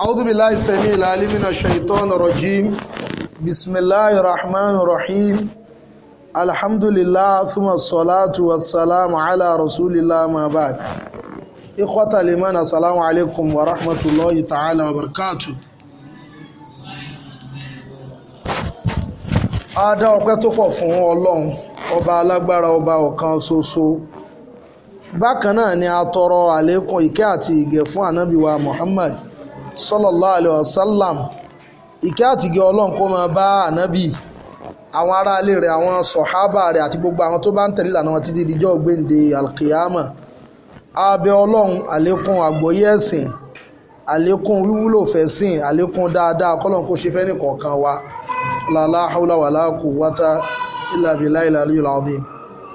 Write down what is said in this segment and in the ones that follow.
أعوذ بالله السميع العليم من الشيطان الرجيم بسم الله الرحمن الرحيم الحمد لله ثم الصلاة والسلام على رسول الله ما بعد إخوة الإيمان السلام عليكم ورحمة الله تعالى وبركاته Adá ọpẹ́ tó pọ̀ fún Ọlọ́run ọba alágbára ọba ọ̀kan ṣoṣo bákan náà ni a tọrọ àlékún ìkẹ́ àti ìgẹ̀ fún ànábì wa sallallahu alaihi wasallam ìkẹ́ àtìgẹ́ ọlọ́run kó máa bá ànábì àwọn aráalé rẹ̀ àwọn sọ̀hábà rẹ̀ àti gbogbo àwọn tó bá ń tẹ̀lé ìlànà wọn títí dijọ́ gbéǹde alkiyama abẹ́ ọlọ́run àlékún àgbọ́yé ẹ̀sìn àlékún wíwúlò fẹ̀sìn àlékún dáadáa kọ́lọ́n kó ṣe fẹ́ni kọ̀ọ̀kan wa lálá haúlá wàlá kù wátá ìlàbílá ìlàlí ìlàlí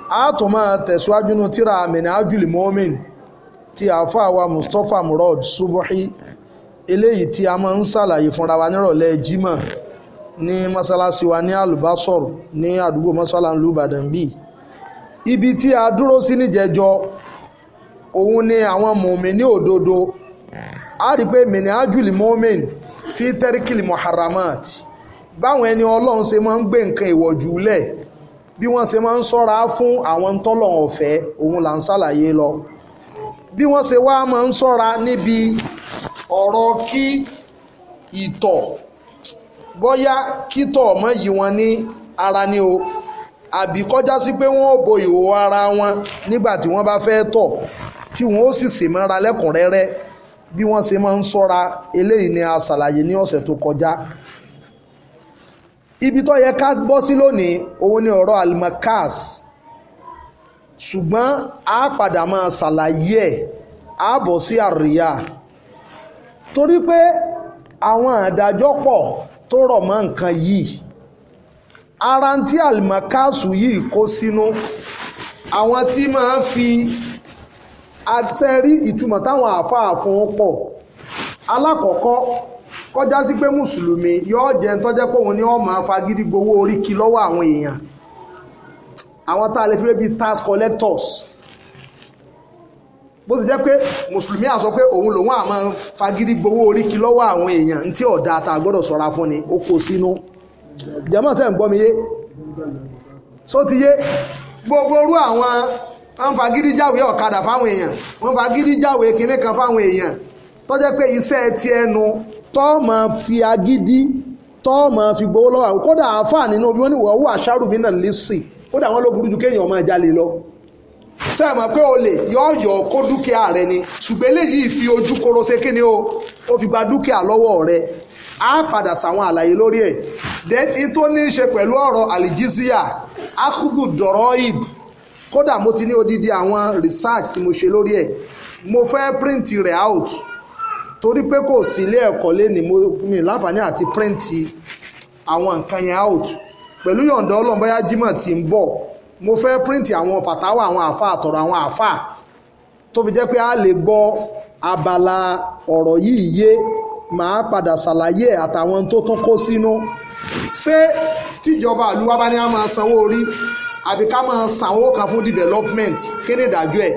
a tó máa tẹ̀síwájú nínú tíra àmìnà ájùlì mọ́mìn ti àáfàá wa Mustapha Murad Subuhi eléyìí tí a máa ń ṣàlàyé fúnra wa nírọ̀lẹ́ Jímọ̀ ní mọ́ṣáláṣí wa ní Àlùbásọ̀rù ní àdúgbò mọ́ṣáláṣí l'Íbàdàn bíi ibi tí a dúró sí níjẹjọ òun ni àwọn mùmíní òdodo a rí i pé mìíní ájúlì mọ́mìn fi tẹ́ríkìlì muharramat báwọn ẹni ọlọ́run ṣe máa ń gbé nǹkan ìwọ̀jú lẹ̀ bí wọ́n ṣe máa ń sọ́ra fún àwọn tọ́lọ̀ ọ̀fẹ́ òun là ń ṣàlàyé lọ bí wọ́n ṣe wá máa ń sọ́ra níbi ọ̀rọ̀ kí ìtọ̀ bóyá kítọ̀ ọmọ yìí wọn ní ara ní o àbí kọjá sí pé wọ́n ò bo ìhòòhò ara wọn nígbà tí wọ́n bá fẹ́ tọ̀ tí wọ́n ó sì sèmọ́ra lẹ́kùnrẹ́rẹ́ bí wọ́n ṣe máa ń sọ́ra eléyìí ni a ṣàlàyé ní ọ̀sẹ̀ tó kọjá ibi tó yẹ ká bọ́ sí lónìí òun ni ọ̀rọ̀ almakas ṣùgbọ́n a padà máa ṣàlàyé ẹ̀ ààbọ̀ sí àríyá torí pé àwọn àdájọ́ pọ̀ tó rọ̀ mọ́ nǹkan yìí ara tí àlìmọ́káàsù yìí kó sínú àwọn tí máa fi àtẹ́rí ìtumọ̀ táwọn àáfàá fún pọ̀ alákọ̀ọ́kọ́ kọjá sí pé mùsùlùmí yóò jẹ́ tọ́jẹ́ pé òun ni wọ́n máa fagídí gbowó oríkì lọ́wọ́ àwọn èèyàn àwọn tá a lè fi wé bíi tax collectors bó ti jẹ́ pé mùsùlùmí sọ pé òun lòun àmọ́ fagidi gbowó oríkì lọ́wọ́ àwọn èèyàn tí ọ̀dà ta gbọ́dọ̀ sọ́ra fún ni ó kó sínú jẹ́mọ̀ sẹ́ ń só ti yé gbogbo orú àwọn wọ́n jáwé ọ̀kadà fáwọn èèyàn kinní kan fáwọn èèyàn tó jẹ́ pé iṣẹ́ ti ẹnu fi fi gbowó lọ́wọ́ kódà nínú wọn ni wọ́n ṣe mọ̀ pé olè yọ̀ọ̀yọ̀ kó dúkìá rẹ ni ṣùgbọ́n eléyìí fi ojú koro ṣe kíni o ó fi gba dúkìá lọ́wọ́ rẹ á padà sàwọn àlàyé lórí ẹ̀ dẹ́ni tó ní í ṣe pẹ̀lú ọ̀rọ̀ àlìjíṣíà ákùdù dọ̀rọ̀ kódà mo ti ní odidi àwọn research tí mo ṣe lórí ẹ̀ mo fẹ́ print rẹ̀ out torí pé kò sí ilé ẹ̀kọ́ lé ní mo ní láǹfààní àti print àwọn nǹkan yẹn out pẹ̀lú yọ̀ǹda ọlọ́mbáyá jimoh ti ń bọ̀ mo fẹ́ píríǹtì àwọn fàtáwà àwọn àfa àtọ̀rọ̀ àwọn àfa tó fi jẹ́ pé a lè gbọ́ abala ọ̀rọ̀ yìí yé màá padà ṣàlàyé ẹ̀ àtàwọn tó tún kó sínú ṣé tíjọba àlúwá bá ní a máa sanwó orí àbí ká máa sanwó kan fún development kéde ìdájọ́ ẹ̀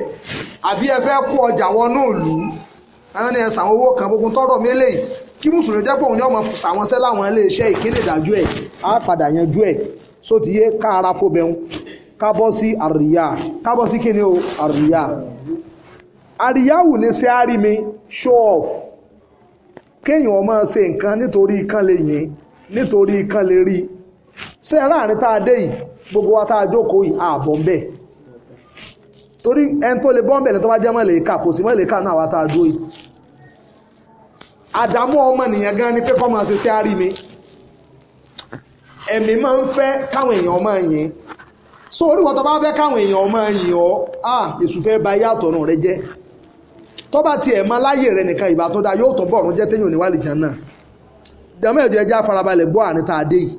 àbí ẹ fẹ́ kó ọjà wọnú ìlú àwọn ni ẹ sanwó owó kan gbogbo tọrọ mélè kí mùsùlùmí jẹ́ pé òun ni ọmọ sàwọn sẹ́ láwọn iléeṣẹ́ ìkéde ìdájọ́ ẹ̀ á padà yanjú ẹ̀ sótìyé ká ara fóbẹ̀hún kábọ́ àríyá kábọ́ sí ni o àríyá àríyá wù ní sí mi show off kéèyàn máa ṣe nǹkan nítorí kan lè yìn nítorí kan lè rí láàrin tá a dé yìí gbogbo wa tá a jókòó yìí ààbọ̀ bẹ́ẹ̀ torí ẹni tó lè bọ́m̀bẹ̀ lẹ́tọ́ bá jẹ́ mọ̀lẹ́ka kò sí mọ̀lẹ́ka náà wa tá a dúró yìí àdámọ́ ọmọ nìyẹn gan ni pé kọ́ máa ṣe sí mi ẹ̀mí máa ń fẹ́ káwọn èèyàn máa so oríwọ̀ tó bá fẹ́ káwọn èèyàn ọmọ yìn ọ́ à èṣù fẹ́ ba ayé àtọ̀run rẹ jẹ́ tó bá tiẹ̀ mọ láyè rẹ nìkan ìbá tó dáa yóò tọ́ bọ̀ ọ̀run jẹ́ téèyàn ní wàlìjà náà jẹ́mọ́ ẹ̀jọ̀ ẹja farabalẹ̀ gbọ́ àárín tá a dé yìí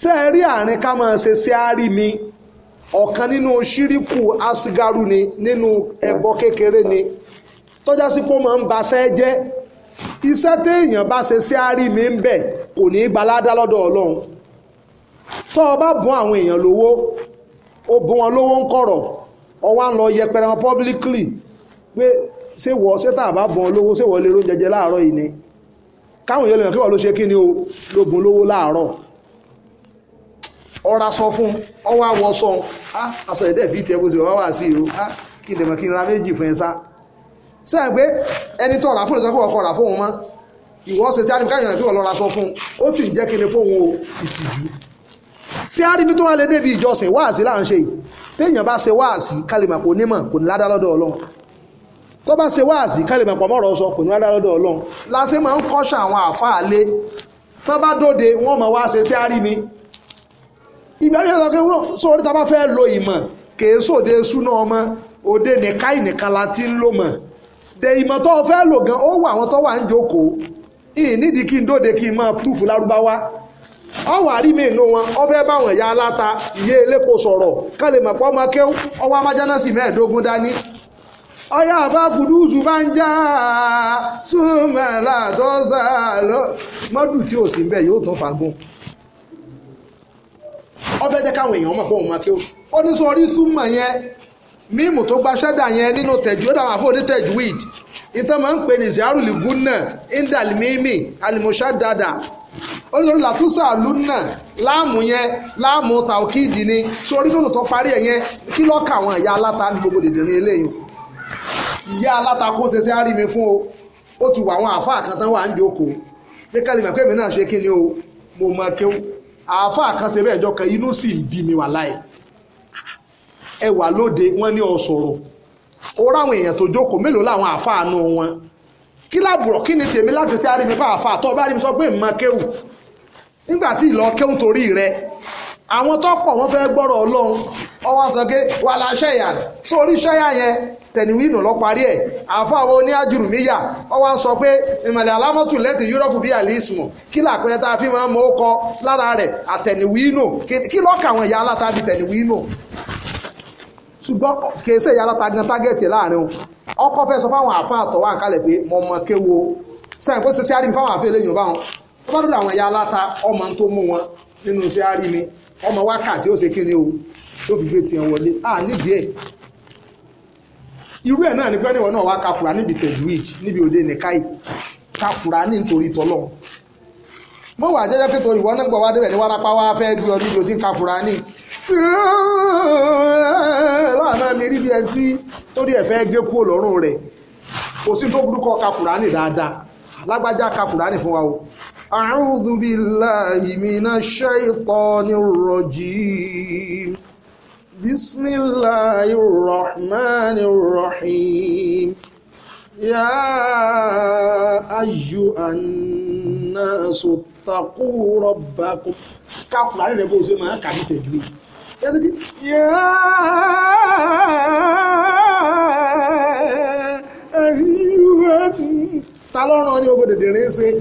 ṣé ẹ rí àárín ká máa ṣe sí àárí mi ọ̀kan nínú ṣíríkù asigaru ni nínú ẹbọ kékeré ni tọ́já sí pé ó máa ń baṣẹ́ jẹ́ iṣẹ́ téèyàn bá ṣe sí àárí mi ń bẹ̀ kò ní í gbaládá lọ́dọ̀ ọlọ́run tó o bá bùn àwọn èèyàn lówó o bùn wọn lówó ń kọ̀rọ̀ ọ wá ń lọ yẹpẹrẹ wọn publicly pé ṣé wọ ṣé tá a bá bùn lówó ṣé wọ lè ró jẹjẹ láàárọ̀ yìí ni káwọn èèyàn lèèyàn kí wọ́n ló ṣe kí ni o ló bùn lówó láàárọ̀ ọ̀rá sọ fún ọwọ́ àwọ̀ sọ aṣọ ẹ̀dẹ́ fi tiẹ̀ kó sì wá wá sí i o kí lèèmọ̀ kí n ra méjì fún ẹ sá sẹ́yìn pé ẹni tó ọ̀rá fún ìtọ́kọ̀ ọkọ̀ ọ̀rá fóun mọ́ ìwọ́ ṣe sí àdìmọ́ káyọ̀ kí wọ́n lọ́ra sọ fún ó sì ń jẹ́ kí ni fóun o ìtìjú ṣé a rí bí tó wà lé débi ìjọsìn wáàsí là ń ṣe yìí téèyàn bá ṣe wáàsí kálímà kò nímọ̀ kò ní ládá lọ́dọ̀ ọlọ́run tó bá ṣe wáàsí kálímà pọ̀ mọ́rọ̀ sọ kò ní ládá lọ́dọ̀ ọlọ́run láṣẹ máa ń kọ́ṣà àwọn àfáà lé tó bá dóde wọ́n mọ̀ wá ṣe ṣé a rí ni ìgbàlẹ́ ọ̀sán kí wọ́n sọ orí ta bá fẹ́ lo ìmọ̀ kèé sòde súná ọmọ òde nìka ìnìka la ti ń lò mọ̀ de ìmọ̀ tó fẹ́ lò gan ó wà àwọn tó wà ń jókòó ìnídìí kí n dóde kí n máa púrúfù lárúbáwá ọwọ́ àrímẹ̀ inú wọn ọbẹ̀ ẹ báwọn ya aláta ìyé elépo sọ̀rọ̀ kán lè mọ̀ pọ́ ọmọ kéw ọwọ́ amájánásì mẹ́ẹ̀ẹ́dógún dání bá já súnmọ́lá tó sá lọ mọ́dù tí bẹ́ẹ̀ yóò tún fagbọ́n ọbẹ̀ jẹ́ káwọn èèyàn ó ní lórí làtúnṣà lúnà láàmù yẹn láàmù tàókìdì ni sórí lónà tó parí ẹ̀ yẹn kí lọ́ọ̀kà àwọn ìyá aláta ní gbogbo dèdèrè eléyìí ìyá aláta kó ṣe ṣe árí mi fún o ó ti wà àwọn àáfàá kan tán wà ń jókòó pé kẹ́lí mọ̀ pé náà ṣe kí ni o mo mọ kéwù àáfàá kan ṣe bẹ́ẹ̀ jọkàn inú sì bí mi wà láì ẹ wà lóde wọ́n ní ọ ó ráwọn èèyàn tó jókòó mélòó láwọn àáfàá nù wọn kí láàbùrọ̀ kí ni tèmi láti ṣe àrí fún àáfàá tó bá rí mi sọ pé mo mọ kéwù nígbà tí ìlọ kéwù torí rẹ àwọn tó pọ̀ wọ́n fẹ́ gbọ́rọ̀ ọlọ́run ọwọ́ sọ pé wà lá ṣẹ́yà sórí ṣẹ́yà yẹn tẹ̀níwí ìnà lọ parí ẹ̀ àfọ àwọn oníhàjùrù níyà ọwọ́ sọ pé ìmọ̀lẹ̀ alámọ̀tù lẹ́tì yúrọ́fù bíi àlísìmù kí làpẹrẹ tá a fi máa ń mọ ọkọ lára rẹ̀ àtẹ̀níwí ìnà kí lọ́ọ̀kà àwọn ìyá aláta bíi tẹ̀níwí ìnà ṣùgbọ́n kì í ṣe ìyá aláta gan tágẹ́ẹ̀tì láàrin ọkọ fẹ́ sọ fáwọn àfáà tọ́wọ́ àǹkálẹ̀ pé mọ̀mọ́ kéwo sẹ́yìn pé ṣe ṣe àrími fáwọn àfẹ́ lẹ́yìn ọba wọn tó bá dúró àwọn ẹ̀yà aláta ọmọ tó mú wọn nínú iṣẹ́ àárí ni ọmọ wákàtí ó ṣe kéde o tó fi gbé tiẹ̀ wọlé à nídìí ẹ̀ irú ẹ̀ náà ni pé níwọ̀n náà wá ka níbi tẹ̀júwìd níbi òde nìkáì ka ní nítorí tọ́lọ́ mọ́ wà jẹ́jẹ́ pé torí gbọ́ wá débẹ̀ ní wárápá wá fẹ́ gbé ọdún ìjọ tí ń ka fura ní lọ́nà mi rí bí ẹni tí torí ẹ̀ fẹ́ gé lọ́rùn rẹ̀ ní o أعوذ بالله من الشيطان الرجيم بسم الله الرحمن الرحيم يا أيها الناس اتقوا ربكم كاكو على نبو سيما كاكو تجوي يا أيها ta lọ́rùn ni ó gbọ́dọ̀ dìrín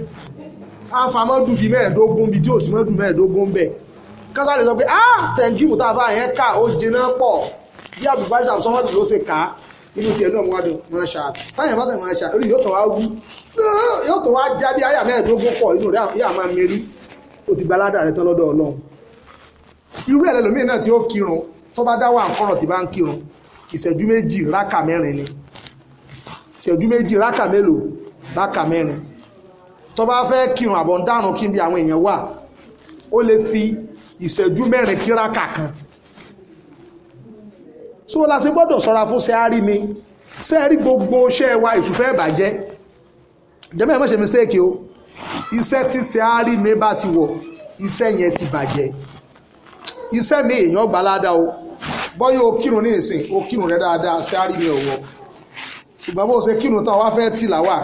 àfàmọ́dù bíi mẹ́ẹ̀ẹ́dógún bíi tí ò sí mọ́dù mẹ́ẹ̀ẹ́dógún bẹ́ẹ̀ kọ́sá lè sọ pé ah tẹ̀njúmù tá a bá yẹn ká ó jiná pọ̀ bí àbùbáṣà sọ́wọ́n ti ló ṣe ká inú tiẹ̀ náà wá dùn máa ṣá táyà bá tẹ̀ máa ṣá orí yóò tó wá wú yóò tó wá já bí àyà mẹ́ẹ̀ẹ́dógún pọ̀ inú rẹ̀ yà máa mẹ́rí ó ti gbaládà rẹ̀ tán lọ́dọ̀ ọlọ́run irú ẹ̀ lẹ́lòmíì náà tí ó kírun tó bá dáwọ́ àǹkọ́rọ̀ tí bá ń kírun ìṣẹ́jú méjì rákà mẹ́rin ni ìṣẹ́jú méjì rákà mélòó rákà mẹ́rin tó bá fẹ́ kírun àbọ̀ ń dànù kí n bí àwọn èèyàn wà ó lè fi ìṣẹ́jú mẹ́rin kíráka kan so la ṣe gbọ́dọ̀ sọ́ra fún sẹ́árì ni sẹ́ẹ̀rí gbogbo iṣẹ́ wa ìsúfẹ́ ìbàjẹ́ jẹ́mẹ́ ẹ̀ mọ́ ṣe mi séèkì o iṣẹ́ tí sẹ́árì mi bá ti wọ̀ iṣẹ́ yẹn ti bàjẹ́ iṣẹ́ mi èèyàn gbà ládàá o bọ́yọ̀ o kírun ní ìsìn o kírun rẹ dáadáa sẹ́árì mi ò wọ̀ ṣùgbọ́n bó ṣe kírun tán wá fẹ́ tìlà wà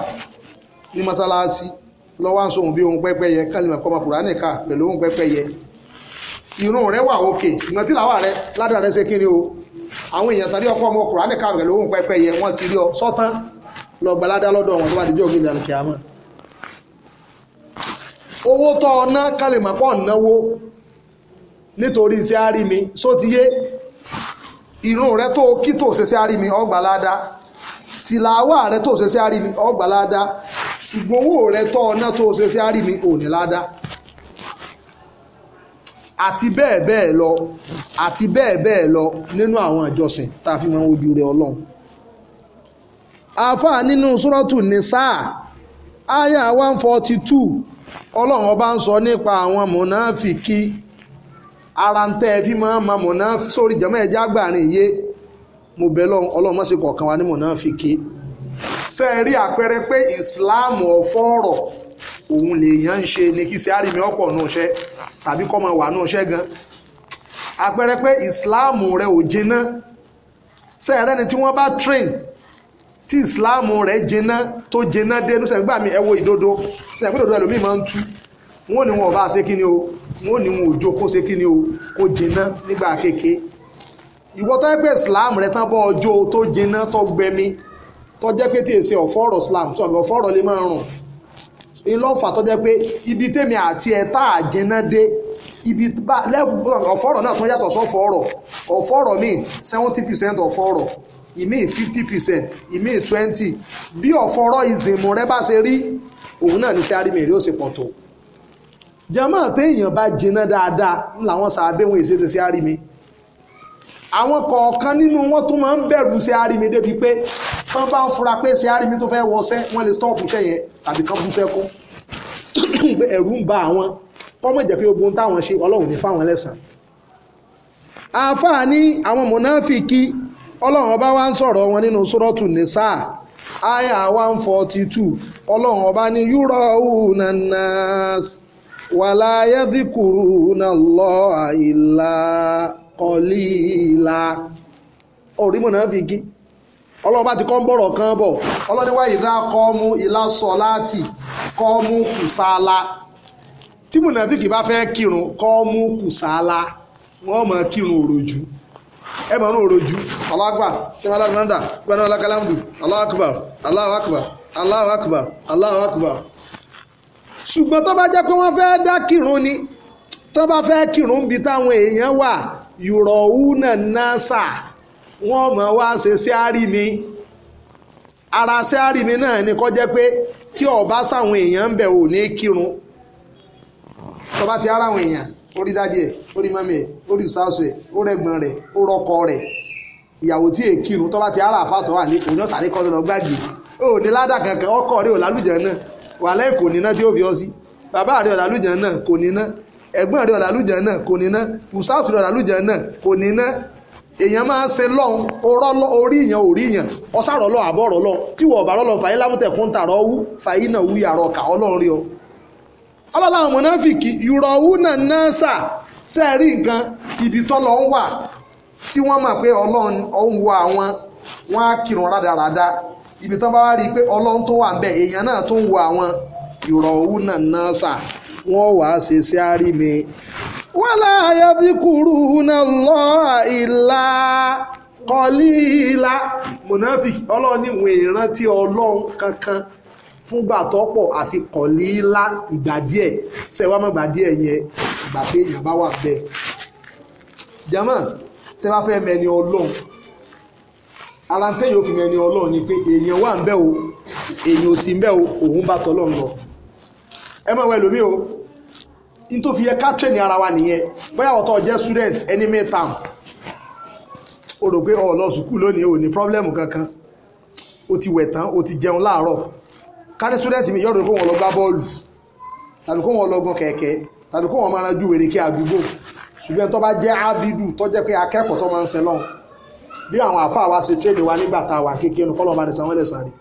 ní mọ́sálásí lọ́wọ́ à ń sóhun bí ohun pẹ́pẹ́yẹ kán lè mọ̀ kọ́ ọmọ kùránì ká pẹ̀lú ohun pẹ́pẹ́yẹ irun rẹ wà òkè ṣùgbọ́n làwà rẹ ládàá rẹ ṣe kí ni o àwọn èèyàn tàbí ọkọ ọmọ kùránì ká pẹ̀lú ohun pẹ́pẹ́yẹ wọ́n ti rí ọ sọ́tán lọ gbalada lọ́dọ̀ wọn tó bá ti jẹ́ ògbìn ìlànà kìámà owó tọ́ ọ̀nà kálẹ̀mọ̀ pọ̀ náwó nítorí iṣẹ́ àárí mi só ti yé irun rẹ tó kí tó ṣe ṣe àárí mi ọgbàládá tìlàwà rẹ tó ṣe ṣe àárí mi ọgbàládá ṣùgbọ́n owó rẹ tọ́ ọ̀nà tó ṣe sí àrí mi ò ní ládá àti bẹ́ẹ̀ bẹ́ẹ̀ lọ àti bẹ́ẹ̀ bẹ́ẹ̀ lọ nínú àwọn ìjọsìn tá a fi máa ń wojú rẹ ọlọ́run àáfàá nínú sùrọ́tù ní sáà àyà one forty two ọlọ́run ọba ń sọ nípa àwọn mọ̀nàfìkì ara ń tẹ́ ẹ fi máa ma mọ̀nàfìkì sórí jẹ́mọ́ ẹ̀já gbàrin yé mo bẹ̀ lọ́run ọlọ́run má ṣe kọ̀ọ̀kan wa ní mọ̀nàfìkì ṣe rí àpẹẹrẹ pé Islam ọ̀fọ́ ọ̀rọ̀ òun lèèyàn ń ṣe ni kí ṣe àrìmí ọ̀pọ̀ náà ṣe tàbí kọ́ máa wà náà ṣe gan àpẹẹrẹ pé Islam rẹ ò jiná ṣe rẹ́ni tí wọ́n bá train tí Islam rẹ̀ jiná tó jiná dénú ṣe gbà mí ẹ wo ìdodo ṣe ìpínlẹ̀ òdodo ẹlòmíì máa ń tú wọn ò ní wọn ò bá ṣe kí ni o wọn ò ní wọn ò jó kó ṣe kí ni o kó jiná nígbà kéke ìwọ tó yẹ pé Islam rẹ tán bọ́ ọjọ́ tó jiná tó gbẹmí tó jẹ́ pé tí èsì ọ̀fọ́rọ̀ slam sọ pé ọ̀fọ́rọ̀ lè máa rùn ìlọ́fà tó jẹ́ pé ibi tèmi àti ẹ̀ tá à jẹ́nà dé ibi ọ̀fọ́rọ̀ náà tó yàtọ̀ sọ́fọ́rọ̀ ọ̀fọ́rọ̀ míì seventy percent ọ̀fọ́rọ̀ ìmí fifty percent ìmí twenty bí ọ̀fọ́rọ̀ ìzìmù rẹ bá ṣe rí òun náà ní sí arímẹ̀rí ó sì pọ̀ tó jẹ́mọ́ téèyàn bá jẹ́nà dáadáa ńlá wọn sàbẹ̀wọ̀n èsì ti sí arímẹ̀rí àwọn kọ̀ọ̀kan nínú wọn tó máa ń bẹ̀rù ṣe àrìmí débi pé wọ́n bá ń fura pé ṣe àrìmí tó fẹ́ wọṣẹ́ wọ́n lè stọ́ọ̀pù iṣẹ́ yẹn tàbí kán bú sẹ́kún ẹ̀rù ń ba àwọn kọ́mọ̀ jẹ́ pé ogun táwọn ṣe ọlọ́run ní fáwọn ẹlẹ́sàn àáfàá ní àwọn mọ̀náfìkì ọlọ́run ọba wa ń sọ̀rọ̀ wọn nínú sọ́rọ́tù nìsá àyà one forty two ọlọ́run ọba ní yúrọ̀ ọ̀húnà nàás wàlá yẹ́dìkùrù náà lọ́ọ́ àìlá. kọlíìlà orí mùnáfíkí ọlọ́run bá ti kọ́ ń bọ̀rọ̀ kan bọ̀ ọlọ́díwá ìdá kọ́ mú ilá sọ láti kọ́ mú kùsàlà tí mùnáfíkì bá fẹ́ kírun kọ́ mú kùsàlà wọ́n mọ̀ kírun òròjú ẹ mọ̀ ní òròjú alákàlámùdù ni tó bá fẹ́ kírun bí yùrọ̀wúnà násà wọ́n mọ̀ wá ṣe ṣíárì mi ara ṣíárì mi náà ni kọ́ jẹ́ pé tí ọba sáwọn èèyàn ń bẹ̀ ò ní kírun tọba ti ara àwọn èèyàn ó rí dádì ẹ̀ ó rí mọ́mí ẹ̀ ó rí sáàsù ẹ̀ ó rẹ́gbọ́n rẹ̀ ó rọ́kọ rẹ̀ ìyàwó tí èè kírun tọba ti ara àfàtọ̀ wà ní òun náà kọ́ lọ gbàgbé ó ní ládà kankan ọkọ rẹ̀ ò lálùjẹ náà wàhálà ẹ̀ kò níná tí ó fi ọ sí bàbá rẹ̀ ò lálùjẹ náà kò níná egbon rẹ̀ ọ̀dà naa náà kò ní ná ùsáàfù rẹ̀ ọ̀dà lùjẹ̀ náà kò ní ná èèyàn máa ń ṣe lọ́hùn ọ̀rọ̀ orí èèyàn orí èèyàn ọ̀sàrọ̀ lọ àbọ̀ ọ̀rọ̀ lọ tí wọ́n ọ̀bà rọ̀ lọ fàyín tààrọ̀ wú náà wú yàrá ọ. ibi wà tí wọ́n mọ̀ pé ọlọ́run ń wo àwọn ibi bá rí i pé ọlọ́run tó wà ń èèyàn náà tó ń wo àwọn wọ́n wàá ṣe sí àrími wala yadhkuruna Allah illa qalila mùnáfíkì ọlọ́run ní ìwọ̀n ìrántí ọlọ́run kankan fúngbà tó pọ̀ àfi qalila ìgbà díẹ̀ ṣẹ̀wá mọ́gbà díẹ̀ yẹn ìgbà pé èèyàn bá wà bẹ́ẹ̀ jama tẹ́ bá fẹ́ mẹ́ni ọlọ́run ara ń tẹ́yìn òfin ẹni ọlọ́run ni pé èèyàn wà ń bẹ̀ o èèyàn ò sí ń bẹ̀ o òun bá tọ́lọ́run lọ ẹ máa wẹ lómi o ní tó fi yẹ ká train ara wa nìyẹn bóyá ọ̀tọ̀ jẹ́ student any midterm o rò pé o lọ sùkúù lónìí o ní problem kankan o ti wẹ̀ tán o ti jẹun láàárọ̀ ká ní student mi yọ̀rọ̀ pé wọ́n lọ gbá bọ́ọ̀lù tàbí kó wọ́n lọ gun kẹ̀kẹ́ tàbí kó wọ́n máa ranjú wèrè kí àdúgbò ṣùgbọ́n tó bá jẹ́ ábídù tó jẹ́ pé akẹ́kọ̀ọ́ tó máa ń sẹ́lọ̀ bí àwọn àfáà wa ṣe tréèdì wa nígbà tá a wà kékeré kọ́ lọ́ọ́ bá nìsan wọ́n lè sàn rí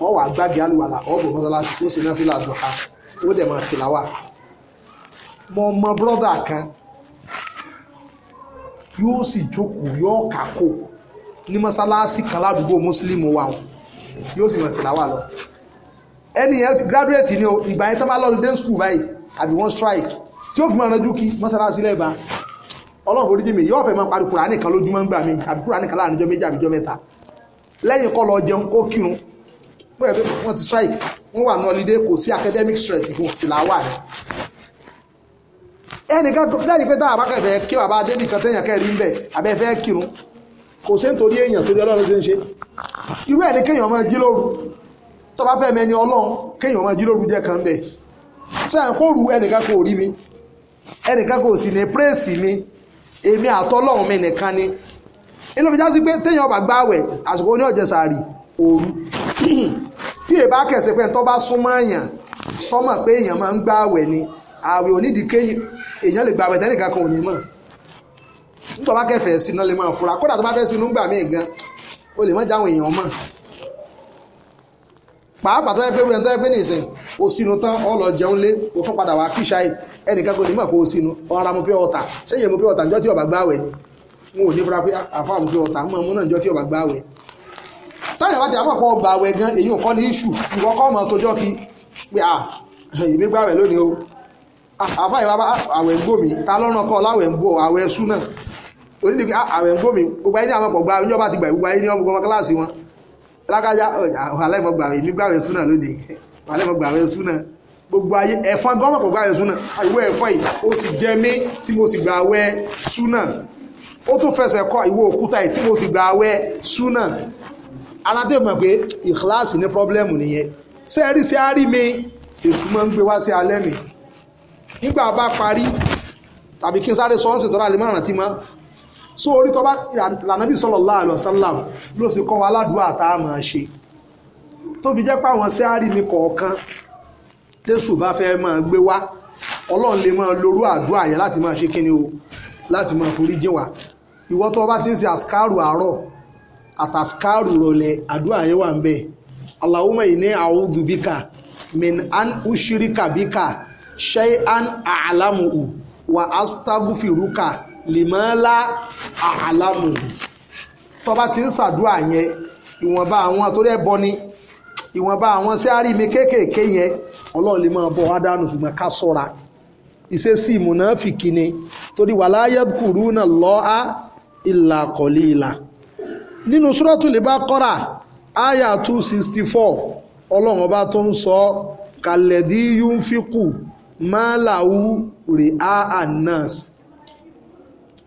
wọ́n wà gbági alùwàlà ọ̀bùn mọ́sálásí ó sì náà fi làdùn ha ó dẹ̀ máa tìláwà mo mọ brọ́dà kan yóò sì jókòó yóò kákò ní mọ́sálásí kan ládùúgbò mùsùlùmí wa wọn yóò sì mọ̀ tìláwà lọ ẹni yẹn graduate ni o ìgbà yẹn tó bá lọ́dún dance school báyìí àbí wọ́n strike tí ó fi mọ̀ ọ̀nàjú kí mọ́sálásí lẹ́ẹ̀bá ọlọ́run orí jìmì yóò fẹ́ máa parí Kùránì kan lójúmọ́ ń gbà mí àbí Kùránì kan láàrin ọjọ́ méjì àbíjọ́ mẹ́ta lẹ́yìn kọ́ lọ jẹun kó kírun wọ́n ti strike wọ́n wà ní holiday kò sí academic stress fún tìláwà rẹ̀ ẹnìkan lẹ́yìn pé táwọn abákẹ́ fẹ́ kí bàbá adébì kan tẹ̀yàn kẹ́rin ń bẹ̀ abẹ́ fẹ́ kírun kò sí nítorí èèyàn torí ọlọ́run ṣe ń ṣe irú ẹ̀ ní kéèyàn máa jí lóru tó bá fẹ́ mẹ́ni ọlọ́run kéèyàn máa jí lóru jẹ́ kan bẹ̀ sẹ́yìn kó ru ẹnìkan kò rí mi ẹnìkan kò sì ní pírẹ́sì mi èmi àtọ́lọ́run mi nìkan ni inú fi já sí pé téèyàn bá gbáwẹ̀ àsìkò ní ọ̀jẹ̀sàrì òru tí èbá kẹsẹ̀ pé tó bá súnmọ́ èèyàn tọ́mọ̀ pé èèyàn máa ń gbáwẹ̀ ni àwẹ̀ onídìí kéèyàn èèyàn lè gba àwẹ̀ tẹ́nìkan kan ò ní mọ̀ nígbà bá kẹfẹ́ sí náà lè máa fura kódà tó bá fẹ́ sínú gbà míì gan o lè má jáwọn èèyàn mọ̀ pàápàá tó yẹ pé rẹ̀ tó yẹ pé nìsín o sínú tán ọ lọ jẹun lé o fún padà wá kíṣà yìí ẹnìkan kò ní mọ̀ kó o sínú ọ ara mu pé ọ̀tà sẹ́yìn mu pé ọ̀tà níjọ́ tí ọba gbá àwẹ̀ ni wọn ò ní fura pé àfa mu pé ọ̀tà mọ̀ mú náà níjọ́ tí ọba gbá àwẹ̀ táyà bá ti àwọn ọ̀pọ̀ ọgbà àwẹ̀ gan èyí ò kọ́ ní iṣu ìwọ kọ́ ọmọ tójọ́ kí pé à ìbí gbá àwẹ̀ lónìí o àfa ìwà bá àwẹ̀ ń gbò mí ta lọ́nà kọ́ láwẹ̀ ń bò àwẹ̀ sú náà onídìí ah, àwẹ̀ ń gbò mí gbogbo ayé ní àwọn ọ̀pọ̀ gba ìjọba ti gbà gbogbo ayé ní ọmọ ọmọ kíláàsì wọn lákàjá àlẹ́mọ̀ gbàwẹ̀ mi gbàwẹ̀ sú náà lónìí àlẹ́mọ̀ gbàwẹ̀ sú náà gbogbo ayé ẹ̀fọn gọ́mọ̀ kò gbàwẹ̀ sú náà ah, ìwé ẹ̀fọn yìí ó sì jẹ mí tí mo sì gbàwẹ̀ sú náà ó tún fẹsẹ̀ kọ ìwé òkúta yìí tí mo sì gbàwẹ̀ sú náà aládé mọ̀ pé ìkíláàsì ní pọ́blẹ́mù nìyẹn sẹ́ẹ̀rí sẹ́ẹ̀rí mi èṣù máa ń gbé wá sí alẹ́ mi nígbà bá parí tàbí kí n sáré sọ ọ́nsìn tọ́lá lè má rántí mọ́ so orí tọ́ bá lànàbí sallallahu alaihi wasallam ló sì kọ́ wa aládùúgbò tá a máa ṣe tó fi jẹ́ pé àwọn sẹ́árì mi kọ̀ọ̀kan tẹ́sù bá fẹ́ máa gbé wá ọlọ́run lè máa lorú àdúrà yẹn láti máa ṣe kíni o láti máa forí jìn wá ìwọ tó bá ti ń ṣe àṣkárù àárọ̀ àtàṣkárù rọ̀lẹ́ àdúrà yẹn wà ń bẹ Allahumma inni a'udhu bika min an ushirika bika ṣẹ́yán àlámù wà ástagúfìrúkà lèmọ́lá àlámù tọ́ba ti ń ṣàdúrà yẹn ìwọ̀nba àwọn tó dẹ́ bọ́ ni ba àwọn sí àrími kéékèèké yẹn ọlọ́run lè máa bọ̀ wá dànù ṣùgbọ́n ká sọ́ra ìṣesí ìmùnáfìkì ni torí wàlá yẹ́kùrú náà lọ́ọ́ ìlà kọ̀lí ìlà nínú Suratul Baqara àyà 264 ọlọ́run ọba tó ń sọ kàlẹ́dí máàláwù rè á anas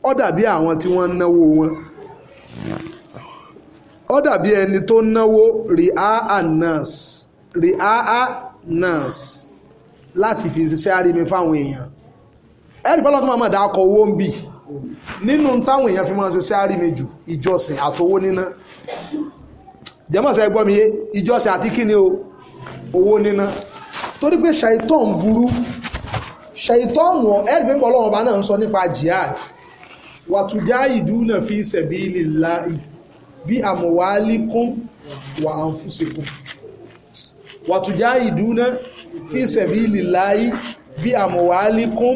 ó dàbí àwọn tí wọ́n náwó wọn ó dàbí ẹni tó náwó rè á anas rè á anas láti fi ṣiṣẹ́ àrími fáwọn èèyàn ẹ̀rí bọ́lá tó máa máa dá ọkọ̀ owó ń bì nínú táwọn èèyàn fi máa ṣiṣẹ́ àrími jù ìjọsìn àtowó níná jẹ́mọ̀sẹ̀ gbọ́ mi yé ìjọsìn àti kíni o owó níná torí pé ṣàìtàn burú ṣàìtàn ẹ̀rí pé ọlọ́run ọba náà ń sọ nípa jihad wàtújá ìdúnà fi ṣẹ̀bí lillahi bí àmọ̀wálíkún wà á ń fúnṣekún wàtújá ìdúnà fi ṣẹ̀bí lillahi bí àmọ̀wálíkún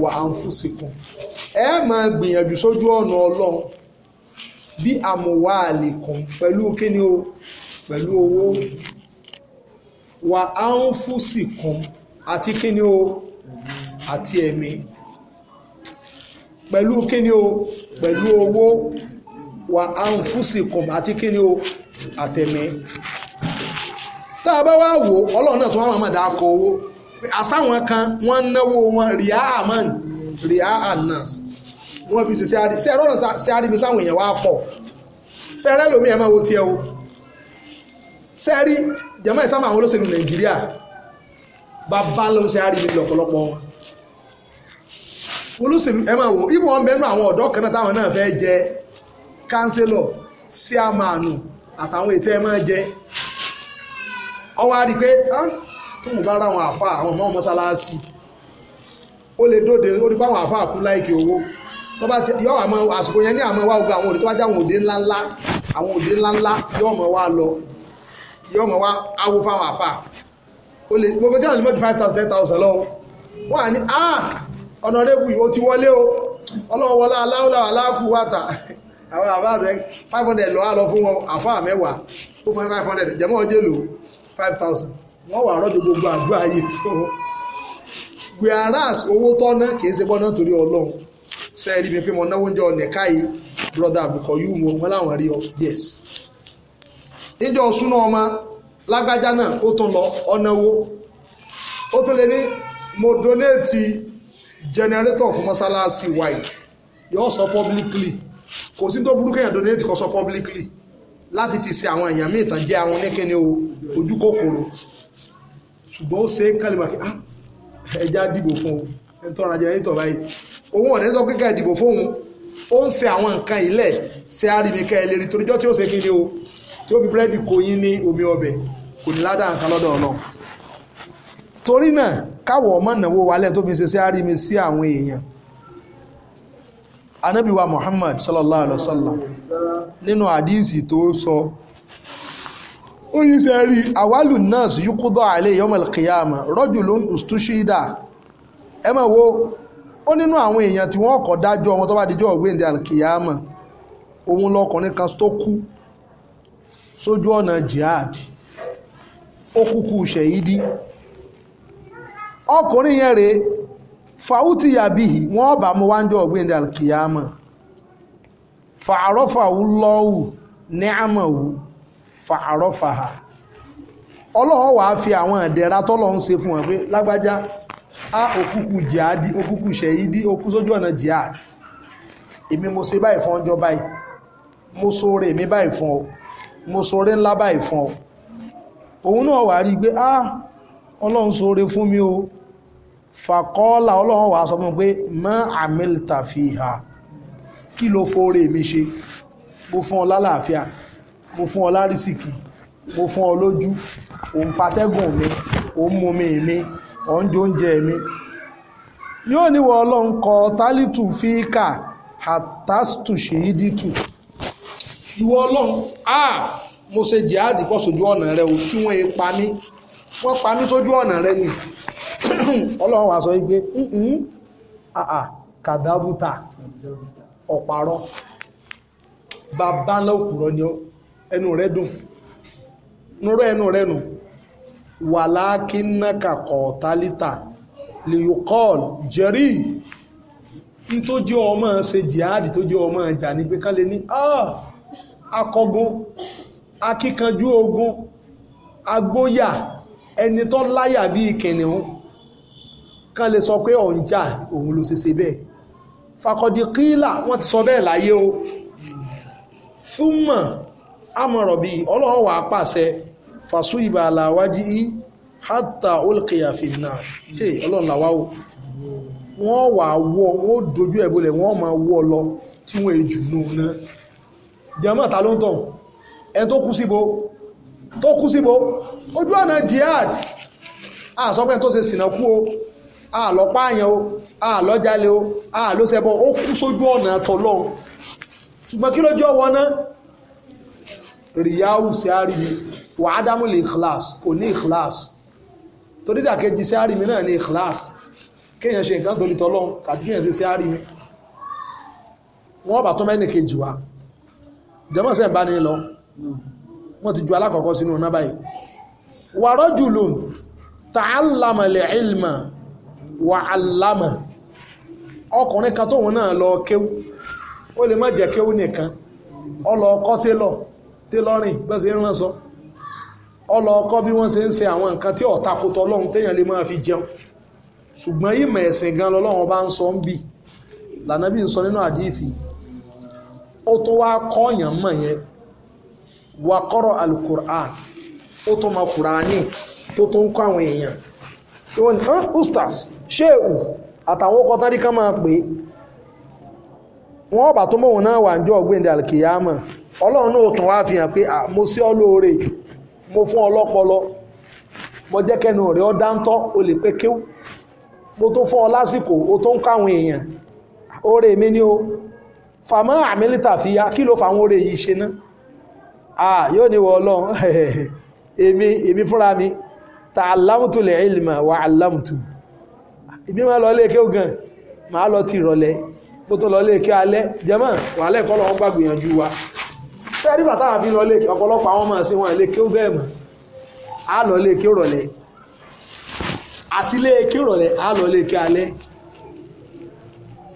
wà á ń fúnṣekún ẹ máa gbìyànjú sójú ọ̀nà ọlọ́run bí àmọ̀wálíkún pẹ̀lú kíni o pẹ̀lú owó wà á ń fún sí kan àti kíni o àti ẹ̀mí pẹ̀lú kíni o pẹ̀lú owó wà á ń fún sí kan àti kíni o àtẹ̀mí tá a bá wá wò ọlọ́run náà tó wá máa dáa kọ owó àsáwọn kan wọ́n náwó wọn ríà àmàn ríà ànàs wọ́n fi ṣe ṣe àrí mi sáwọn èèyàn wá pọ̀ ṣe rẹ́ lómi ẹ̀ máa wo tiẹ̀ o. sẹ́rí jẹ́mọ́ ìsámà àwọn olóṣèlú nàìjíríà bàbá ló ń ṣe àrí nílò ọ̀pọ̀lọpọ̀ wọn olóṣèlú ẹ máa wò ibò wọn bẹnu àwọn ọ̀dọ́ kan náà táwọn náà fẹ́ jẹ kánsílọ̀ síàmánù àtàwọn ètò ẹ máa jẹ ọwọ́ àrí pé tó mú bá àfa àwọn ọmọ ọmọ yóò mọ̀ wá awo fáwọn àfà o gbogbo tí wọ́n lè ju five thousand ten thousand lọ́wọ́ wọ́n á ní ah yìí ó ti wọlé o ọlọ́wọ́lá aláwọ̀lá aláàkú wàtà àwọn àbá five hundred lọ́wọ́ lọ fún wọn àfà mẹ́wàá ó fún five hundred jẹ́mọ́ ọjọ́ èlò five thousand wọ́n wà rọ́jò gbogbo àdúrà yìí fún wọn whereas owó tọ́nà kì í ṣe bọ́ná torí ọlọ́run rí mi pé mo náwó ń jọ yìí brother yìí mo wọn rí ọ yes níjọ́ súná ọmọ lágbájá náà ó tún lọ ọ̀nàwó ó tún lè ní mo donate generator fún mọ́sálásí wáyé yóò sọ publicly kò sí tó burúkú èèyàn donate kó sọ publicly láti fi ṣe àwọn èèyàn míì tán jẹ́ àwọn oníkíni ojú kòkòrò ṣùgbọ́n ó ṣe kálíbà kí ah, ẹja dìbò fún o ẹni tó ra jẹnẹrétọ̀ báyìí òun ọ̀dẹ́ sọ pé ká ìdìbò fóun ó ń ṣe àwọn nǹkan ilẹ̀ ṣe á rí mi ká ẹ lè rí toríjọ́ tí ó ṣe kí ni o tí ó fi búrẹ́dì kò yín ní omi ọbẹ̀ kò ní ládà nǹkan lọ́dọ̀ ọ̀nà torí náà káwọ̀ ọmọ ìnáwó tó fi ṣe sí àrími sí àwọn èèyàn anábìwa Muhammad sallallahu alaihi wasallam nínú àdínsì tó sọ ó yí sẹ́ rí awalu nas kìyàmà ló ń ẹ mọ̀ wo ó nínú àwọn èèyàn tí wọ́n kọ̀ dájọ́ wọn kan tó kú sójú ọ̀nà jihad ó kúkú ṣẹ̀yídí ọkùnrin yẹn rèé fàútì yàbí wọ́n bá mú wájú ọ̀gbìn alkiyama fàárọ́fàwú lọ́wù ní àmàwù ha, ọlọ́wọ́ wà á fi àwọn ẹ̀dẹ̀ra tọ́lọ̀ ń ṣe fún wọn pé lágbájá á òkúkú jihadi òkúkú ṣẹ̀yídí òkú sójú ọ̀nà jihad èmi mo ṣe báyìí fún ọjọ́ báyìí mo sóore èmi báyìí fún ọ mo ṣoore ńlá báyìí fún ọ òun náà wà rí i pé ah ọlọ́run ṣoore fún mi o fàkọ́ọ́là ọlọ́run wà sọ fún mi pé mọ́ àmìlítà fi hà kí ló fóore mi ṣe mo fún ọ lálàáfíà mo fún ọ lárísìkì mo fún ọ lójú òun patẹ́gùn mi òun mú mi mi òun jẹ oúnjẹ mi yóò níwọ̀ ọlọ́run kọ tálítù fíkà àtàstù ṣèyídìtù ìwọ ọlọ́run a mo ṣe jihadi pọ̀ sójú ọ̀nà rẹ o tí wọ́n pa mí wọ́n pa mí sójú ọ̀nà rẹ ni ọlọ́run wàá sọ wípé kàdábùtà ọ̀pàrọ̀ bàbá ńlá òkúrọ̀ ni ẹnu rẹ dùn nírọ̀ ẹnu rẹ nù wàlákínákà kọ̀ọ̀tálítà lè yóò kọ́ọ̀lù jẹ́rí ní tó jẹ́ ọmọ ṣe jihadi tó jẹ́ ọmọ ìjà ní pé ká lè ní ah akọgun akíkanjú ogun agbóyà ẹni tó láyà bíi kìnìún kan lè sọ pé òun jà òun ló ṣe ṣe bẹ́ẹ̀ fakọ̀dí kíílà wọ́n ti sọ bẹ́ẹ̀ láyé o súnmọ̀ amọ̀rọ̀ bíi ọlọ́run wàá pàṣẹ fàṣú ìbà àlàwájí í hátà olùkèyà hey ọlọ́run làwá o wọ́n wàá wọ́ wọ́n dojú ẹ̀ bolẹ̀ wọ́n máa jẹ́mọ́ ta ló ń tàn ẹni tó kú síbo tó kú síbo ojú ọ̀nà jihad a sọ pé tó ṣe sìnà kú o a lọ pààyàn o a lọ jalè o a ló ṣẹbọ ó kú sójú ọ̀nà tọ́lọ́run ṣùgbọ́n kí ló jọ wọn náà ríyáwù sí àrími wà ádámù lè ikhlas kò ní ikhlas tó dídà kejì sí àrími náà ní ikhlas kéèyàn ṣe nǹkan torí tọ́lọ́run kàtí kéèyàn sí àrími wọ́n bá tó mẹ́nìkejì wa jẹmọ́ sẹ́ bá ní lọ wọ́n ti ju alákọ̀ọ́kọ́ sínú náà báyìí wà rọ́jùlùm tààlàmà lè ilmà wà àlàmà ọkùnrin kan tóun náà lọ kéwú ó lè má jẹ́ kéwú nìkan ọlọ ọkọ́ télọ̀ télọ́rìn bẹ́sẹ̀ rán sọ ọlọ ọkọ́ bí wọ́n ṣe ń ṣe àwọn nǹkan tí ọ̀takùtọ̀ ọlọ́run téèyàn ó tó wá kọ́ọ̀yàn mọ̀ yẹn wà kọ́rọ̀ alukur'an ó tó mọ kùránì tó tó ń kọ́ àwọn èèyàn ìwọ̀n ní ustaz ṣéèwù àtàwọn ọkọ̀ tán rí ká máa pè wọ́n ọ̀bà tó mọ̀wọ̀n náà wà jọ ọ̀gbẹ́ndẹ̀ alkiyama ọlọ́run náà tún wá fi mo sí ọlọ́ọ̀rẹ́ mo mo jẹ́ kẹnu o mo o ni o fàmọ́ àmìlítà fi ya kí ló fàwọn oore yìí ṣe ná ah yóò ní wọ ọlọ́run èmi èmi fúnra mi ta alámùtù lè ìlìmọ̀ wà alámùtù ìbí máa lọ ilé ẹ̀kẹ́ ògàn máa lọ ti ìrọ̀lẹ́ kó tó lọ ilé ẹ̀kẹ́ alẹ́ jẹ́mọ̀ wà lẹ́kọ́ lọ́wọ́ gbà gbìyànjú wa sẹ́ẹ̀rí lọ ilé ọ̀pọ̀lọpọ̀ àwọn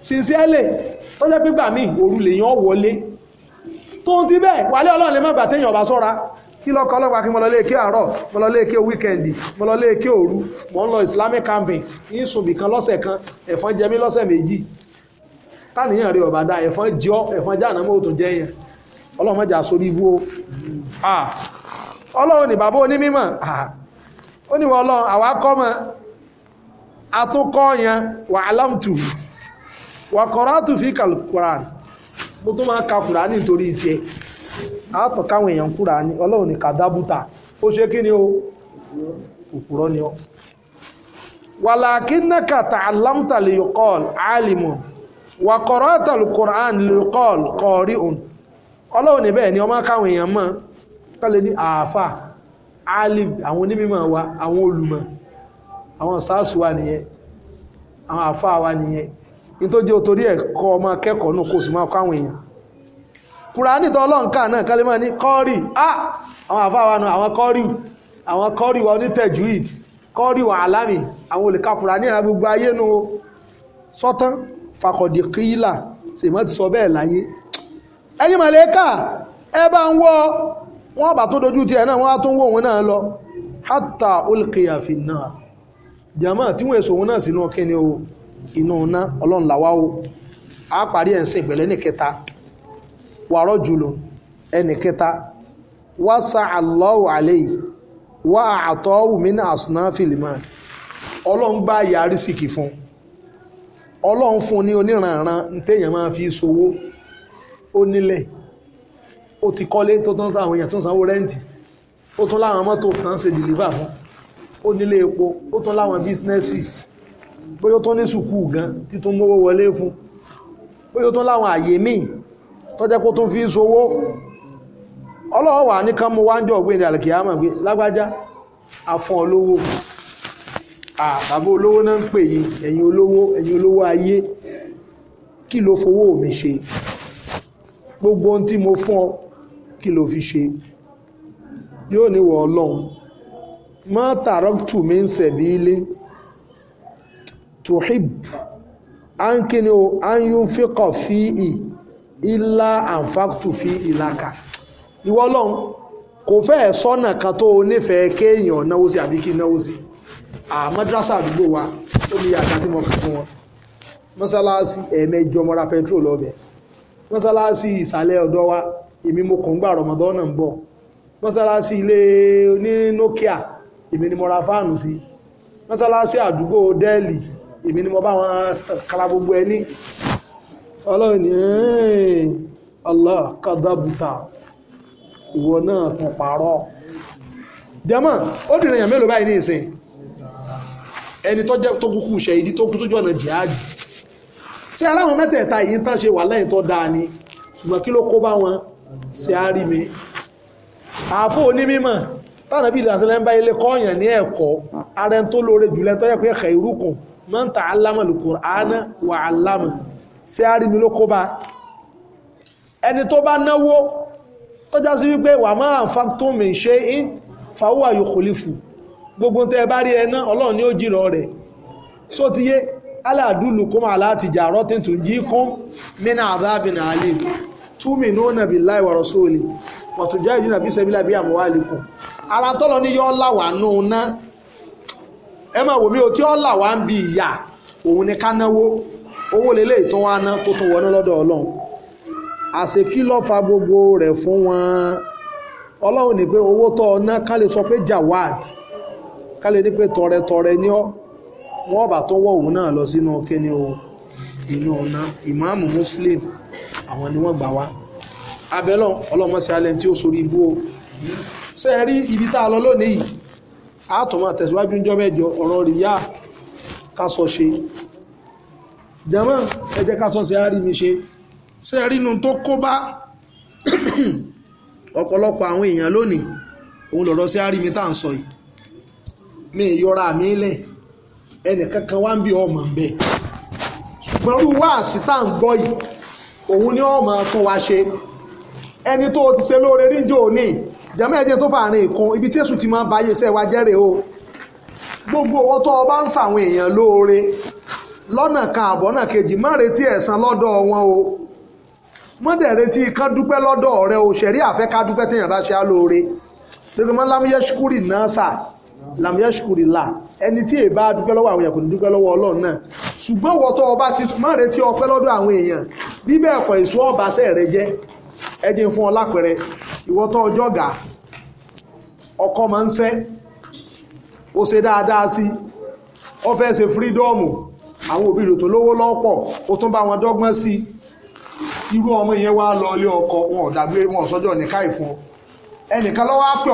sincerely ó jẹ́ pígbà míì òru lèyàn wọlé tó ń ti bẹ́ẹ̀ wálé ọlọ́run lè má gbà téèyàn bá sọ́ra kí lọ́kọ̀ ọlọ́pàá kí mọ̀lọ́lé èké àárọ̀ mọ̀lọ́lé èké wíkẹ̀ndì mọ̀lọ́lé èké òru mọ̀ ń lọ islamic camping ń sùn bìkan lọ́sẹ̀ kan ẹ̀fọn jẹ mí lọ́sẹ̀ méjì táníyàn rí ọ̀bàdà ẹ̀fọn jọ ẹ̀fọn jáàná mọ́ òtún jẹ́ yẹn ọlọ́run mọ́jà sórí ibú o ọlọ́run ní bàbá onímọ̀ ó ní wọ́n ọlọ́run àwa kọ́ mọ́ atúnkọ́ yẹn wàhálà mùtù wàkọ̀rọ̀ àtúnfi kàlùkùrán mo tún máa ka kùrán nítorí tiẹ̀ àtọ̀ káwọn èèyàn kùrán ní ní kàdábùtà ó ṣe kí ni o ni ọ. wàlàkínàkà tààlámtà lè kọ́ọ̀l àlìmọ̀ wàkọ̀rọ̀ àtàlùkùrán lè kọ́ọ̀l kọ́ọ̀rí òun ọlọ́run ní bẹ́ẹ̀ ni ọmọ káwọn èèyàn ní àáfà alim àwọn onímọ̀ wa àwọn olùmọ̀ àwọn sars wa nìyẹn àwọn àáfà wa nìyẹn nítorí o torí ẹ̀ kọ́ ọmọ akẹ́kọ̀ọ́ náà kò sì máa kọ́ àwọn èèyàn kùránì tó ọlọ́nkà náà kálẹ̀ máa ní kọ́ọ̀rì ah àwọn àfáwà náà àwọn kọ́ọ̀rì àwọn kọ́ọ̀rì wa onítẹ̀jú ìd kọ́ọ̀rì wa alámì àwọn olùka kùránì àwọn gbogbo ayé nu sọ́tán fakọ̀dì kíílà sèmọ́ ti sọ bẹ́ẹ̀ láyé ẹ̀yin màlẹ́kà ẹ bá ń wọ́ wọ́n bá tó dojú tiẹ̀ náà wọ́n á tó ń òun náà lọ hátà olùkìyàfin náà jàmáà tí wọ́n èso òun náà sínú ọkẹ́ni o inú iná ọlọ́run a parí ẹ̀ ń sìn kẹta wàrọ̀ jùlọ ẹnì kẹta wá sa Allahu alayhi wá àtọ́wù mí ní àsùnà fìlìmọ́ ọlọ́run gbá àyà fún ọlọ́run fún ní oníranran ní téèyàn máa fi ṣòwò ó nílẹ̀ ó ti kọ́lé tó tán táwọn èèyàn tó ń sanwó rẹ́ǹtì ó tún láwọn mọ́tò kan ṣe nile fún ó nílé epo ó tún láwọn bóyó tó ní sùkú gan tí tó mówó wọlé fún bóyó tó láwọn àyè míì tó jẹ́ kó tó fi ń sowó ọlọ́wọ́ wà ní kán mú wájọ́ ọ̀gbìn alìkìyàmọ̀ gbé lágbájá afọ́n olówó àbàbá olówó náà ń pè yí ẹ̀yin olówó ẹ̀yin olówó ayé kí ló fowó mi ṣe gbogbo ohun tí mo fún ọ kí ló fi ṣe yóò níwọ̀ ọlọ́run mọ́ tààrọ́tù mi ń sẹ̀bí ilé tuhib an kíni o an yunfiqa fi i illa anfaqtu fi ilaka ìwọ ọlọ́run kò fẹ́ sọ́nà kan tó o nífẹ̀ẹ́ kéèyàn náwó sí àbí kí náwó sí àmọ́dúrásà àdúgbò wa ó ní yàtá tí mo kà fún wọn mọ́sálásí ẹ̀ẹ̀mẹjọ mọ́ra pẹtrol ọbẹ̀ mọ́sálásí ìsàlẹ̀ ọ̀dọ́ wa èmi mo kàn ń gbà rọmọdọ́nà ń bọ̀ mọ́sálásí ilé oní Nokia èmi ni mo ra fáànù sí mọ́sálásí àdúgbò dẹ́ẹ̀lì èmi ni mo bá wọn kara gbogbo ẹ ní ọlọ́run ní Allah kadabuta ìwọ náà tún parọ́ jẹ́mọ́ ó dìrò èèyàn mélòó báyìí ní ìsìn ẹni tó jẹ́ tó kúkú ṣe ìdí tó kú tó jọ̀nà jihadi ṣé aláwọn mẹ́tẹ̀ẹ̀ta yìí tán ṣe wà lẹ́yìn tó dáa ni ṣùgbọ́n kí ló kó bá wọn ṣe á rí mi àfọ onímọ̀ tánàbí ìlànà ilé kọ́ọ̀yàn ní ẹ̀kọ́ ara ẹni tó lóore jùlọ tó yẹ pé ẹ̀kẹ́ irúkùn man ta'allama al-Qur'ana wa 'allama sí àrínú ló kó bá ẹni tó bá náwó tó já sí wípé wa ma anfaqtum min shay'in fa huwa yukhlifu gbogbo tẹ́ bá rí ẹná ọlọ́run ni ó jìrọ rẹ̀ sótíyé aláàdúlù kó máa láti jà rọ́tín tó jí kún mínà àdábìnà alẹ́ túmì ní ó nàbì láì wọ̀rọ̀ sóòlì wọ̀tún jẹ́ sẹ́bílà bí àmúwá lè kù ara tọ́lọ ní yọ́ láwà náà ẹ máa wò mí o tí ó là wá ń bi ìyà òun ni ká náwó owó lélẹ̀ tó wá ná tó tún wọná lọ́dọ̀ ọlọ́run àṣé kí ló fa gbogbo rẹ̀ fún wọn ọlọ́run ní pé owó tó ọ̀nà ká lè sọ pé jawad ká lè ní pé tọrẹtọrẹ ní ọ wọn ọba tó wọ òun náà lọ sínú kíni o inú ọ̀nà ìmáàmù muslim àwọn ni wọ́n gbà wá abẹ́lọ́ ọlọ́mọṣẹ́ alẹ́ tí ó sorí ibú o ṣe é rí ibi tá a lọ lónìí yìí àtọ̀mọ̀ àtẹ̀síwájú ń jọ mẹ́jọ ọ̀rọ̀ ríyá kásọ ṣe jama ẹ jẹ́ sí àárí mi ṣe ṣe rínú tó kó bá ọ̀pọ̀lọpọ̀ àwọn èèyàn lónìí òun lọ̀rọ̀ sí àárí mi tá à ń sọ yìí mi yọra mi lẹ̀ ẹnìkankan wá ń bí ọmọ ń bẹ ṣùgbọ́n irú wáàsí tá à ń gbọ́ yìí òun ni ọmọ tó wá ṣe ẹni tó ti ṣe lóore níjọ́ òní jẹ́mọ́ ẹ̀jẹ̀ tó fàárín ìkan ibi tí èṣù ti máa báyé iṣẹ́ wa jẹ́rẹ̀ o gbogbo owó tó o bá ń sàwọn èèyàn lóore lọ́nà kan àbọ̀nà kejì má retí ẹ̀san lọ́dọ̀ wọn o mọ́dẹ̀ retí kán dúpẹ́ lọ́dọ̀ rẹ o ṣẹ̀rí àfẹ́ ká dúpẹ́ téèyàn bá ṣe á lóore lórí mọ́ lámúyẹ́ṣukúrì náà sà lámúyẹ́ṣukúrì là ẹni tí èèbá dúpẹ́ lọ́wọ́ àwọn èèyàn kò ní dúpẹ́ lọ́wọ́ ọlọ́run náà ṣùgbọ́n wọ́tọ́ ọba ti má retí ọpẹ́ lọ́dọ̀ àwọn èèyàn bíbẹ́ ẹ̀kọ́ ìṣú ọba sẹ́ẹ̀rẹ́ jẹ́ ẹ jẹ́ fún ọ lápẹẹrẹ ìwọ́tọ́ ọjọ́ ọ̀gá ọkọ ma ń sẹ́ ó se dáadáa sí ọ fẹ́ ṣe fírídọ́ọ̀mù àwọn òbí rẹ̀ lówó lọ́pọ̀ ó tún bá wọn dọ́gbọ́n sí irú ọmọ yẹn wá lọ ilé ọkọ wọn ò wọn nìka ìfún ẹnìkan lọ́wọ́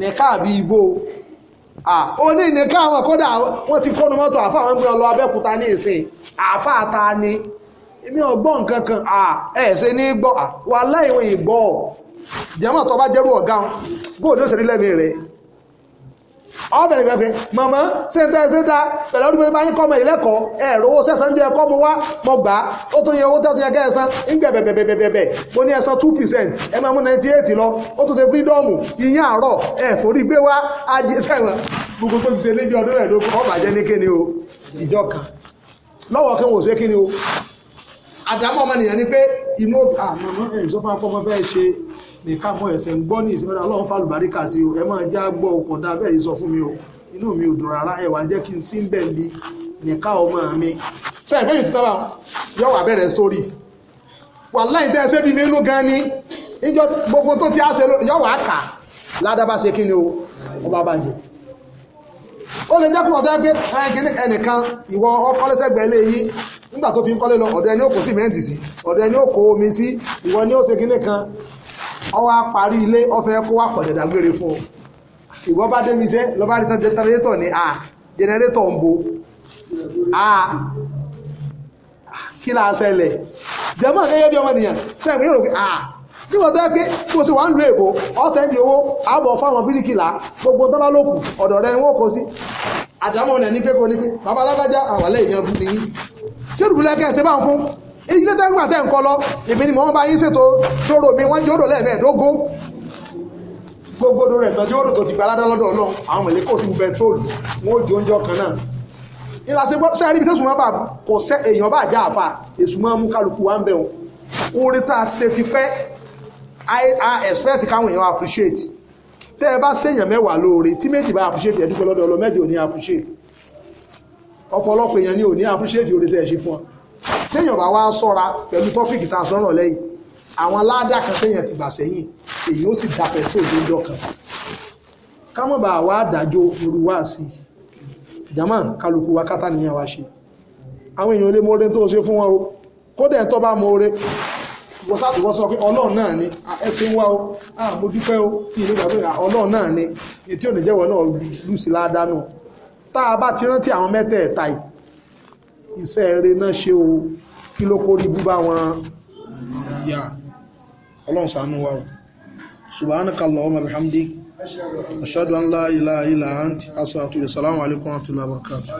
nìka àbí ibo ó ní nìka àwọn kódà wọ́n ti kọ́nu mọ́tò àfa àwọn ẹgbẹ́ ọlọ́ abẹ́kúta ní ìsìn àfa àta ni èmi ò gbọ́ nǹkan kan ẹ̀ ṣe ní gbọ́ wà láìwọ̀n ìgbọ́ jẹ́mọ̀ tó bá jẹ́rú ọ̀gá bóòdó ṣe rí lẹ́mìí rẹ̀ ọ bẹ̀rẹ̀ gbẹ̀gbẹ̀ mọ̀mọ́ sẹ́ńtẹ́ sẹ́ńtà pẹ̀lú ọdún mẹ́fà yín kọ́mọ ìlẹ́kọ̀ọ́ ẹ̀rọ owó sẹ́sán jẹ́ ẹ̀kọ́ mu wá mọ̀ gbà ó tó yẹ owó tẹ́tù yẹ kẹ́ẹ̀sán ńgbẹ̀ bẹ̀bẹ̀bẹ̀bẹ̀ mo ní ẹ̀sán two percent ẹ máa mú ninety eight lọ ó tún ṣe freedom ìyẹn àárọ̀ ẹ̀ torí gbé wá ajé sẹ́wọ̀n gbogbo tó ti ṣe níbi ọdún rẹ̀ ló kọ́ bàjẹ́ ní kíni o ìjọ kan lọ́wọ́ kí wọ́n ṣe kíni o àdámọ́ ọmọnìyàn ni pé inú àmọ́ ẹ̀ ṣe nìkan mọ́ ẹ̀sẹ̀ ń gbọ́ ní ìsinmi ọlọ́run kà sí o ẹ máa já gbọ́ ọkọ̀ dá bẹ́ẹ̀ yìí sọ fún mi o inú mi ò dùn rárá ẹ jẹ́ kí n sí bẹ̀ bí nìkan ọmọ mi. sẹ́yìn bẹ́ẹ̀ ti tọ́ba yọ wà bẹ̀rẹ̀ sítórì wàláì tẹ́ ẹ ṣe bí mélòó gan ni ìjọ gbogbo tó ti á ṣe yọ wà á kà ládàbà ṣe kí ni o bá jẹ ó lè jẹ́ ọ̀dọ́ ẹgbẹ́ ẹnìkan ìwọ nígbà tó fi ń kọ́lé lọ ọ̀dọ̀ ẹni ó kó sí ọ̀dọ̀ ẹni ó kó omi sí ìwọ ni ó kan ọwọ́ parí ilé ọ̀fẹ́ kó wà pọ̀jọ̀dà fún bá débi iṣẹ́ lọ́ba rí tán jẹnẹrétọ̀ ni jẹnẹrétọ̀ ah, ń bo ah, kí gẹ́gẹ́ bí ọmọ ènìyàn ah, tó yẹ pé kó sì lu èbó gbogbo tó bá lókù ọ̀dọ̀ rẹ wọ́n kó sí àdámọ̀ ní pé kò ní pé bàbá alágbájá àwàlẹ̀ èèyàn bú èyí ló tẹ́gbà tẹ́ ń kọ́ lọ èmi ni mò ń bá yín ṣètò dòrò mi wọ́n jòrò lẹ́ẹ̀mẹ́ẹ̀dógún gbogbo dòrò ẹ̀tàn jòrò tó ti gba aládá lọ́dọ̀ náà àwọn èlé kò sí pẹtrol wọn ò jó oúnjẹ kan náà ìlàsí gbọ́dọ̀ sẹ́yìn ibi tó sùn máa bà kò sẹ́ èèyàn bá já àfà èṣù máa mú kálukú wá ń bẹ̀ wọn orí tá a ṣe ti fẹ́ i expect káwọn èèyàn appreciate tẹ́ ẹ bá séèyàn mẹ́wàá lóore tí méjì bá appreciate ẹ̀dúgbẹ́ lọ́dọ̀ ọlọ́ mẹ́jọ ò ní appreciate ọ̀pọ̀lọpọ̀ èèyàn ni ò ní appreciate orí tẹ́ ẹ ṣe fún ọ téèyàn bá wá sọ́ra pẹ̀lú tọ́pìkì tá a sọ̀rọ̀ lẹ́yìn àwọn aládàá kan téèyàn ti gbà sẹ́yìn èyí ó sì da petrol lójọ́ kan kámọ̀bà wá dájọ́ irú wá sí jama kálukú wa kátà nìyẹn wá ṣe àwọn èèyàn lè mọ́ọ́rẹ́ tó ṣe fún wọn o kódà tó bá mọ́ọ́rẹ́ wọ́n sọ pé ọlọ́run náà ni ẹsẹ̀ ń wá o mo dúpẹ́ o kí ìlú ìgbà pé ọlọ́run náà ni ètí ò ní jẹ́wọ́ náà lù sí ládàá náà tá a bá ti rántí àwọn mẹ́tẹ̀ẹ̀ta yìí iṣẹ́ eré náà ṣe o kí ló kó rí búbá wọn. ìyá ọlọ́run ṣàánú wa o subhanaka allahumma bihamdik ashhadu an la ilaha illa anti astaghfiruka assalamu alaikum wa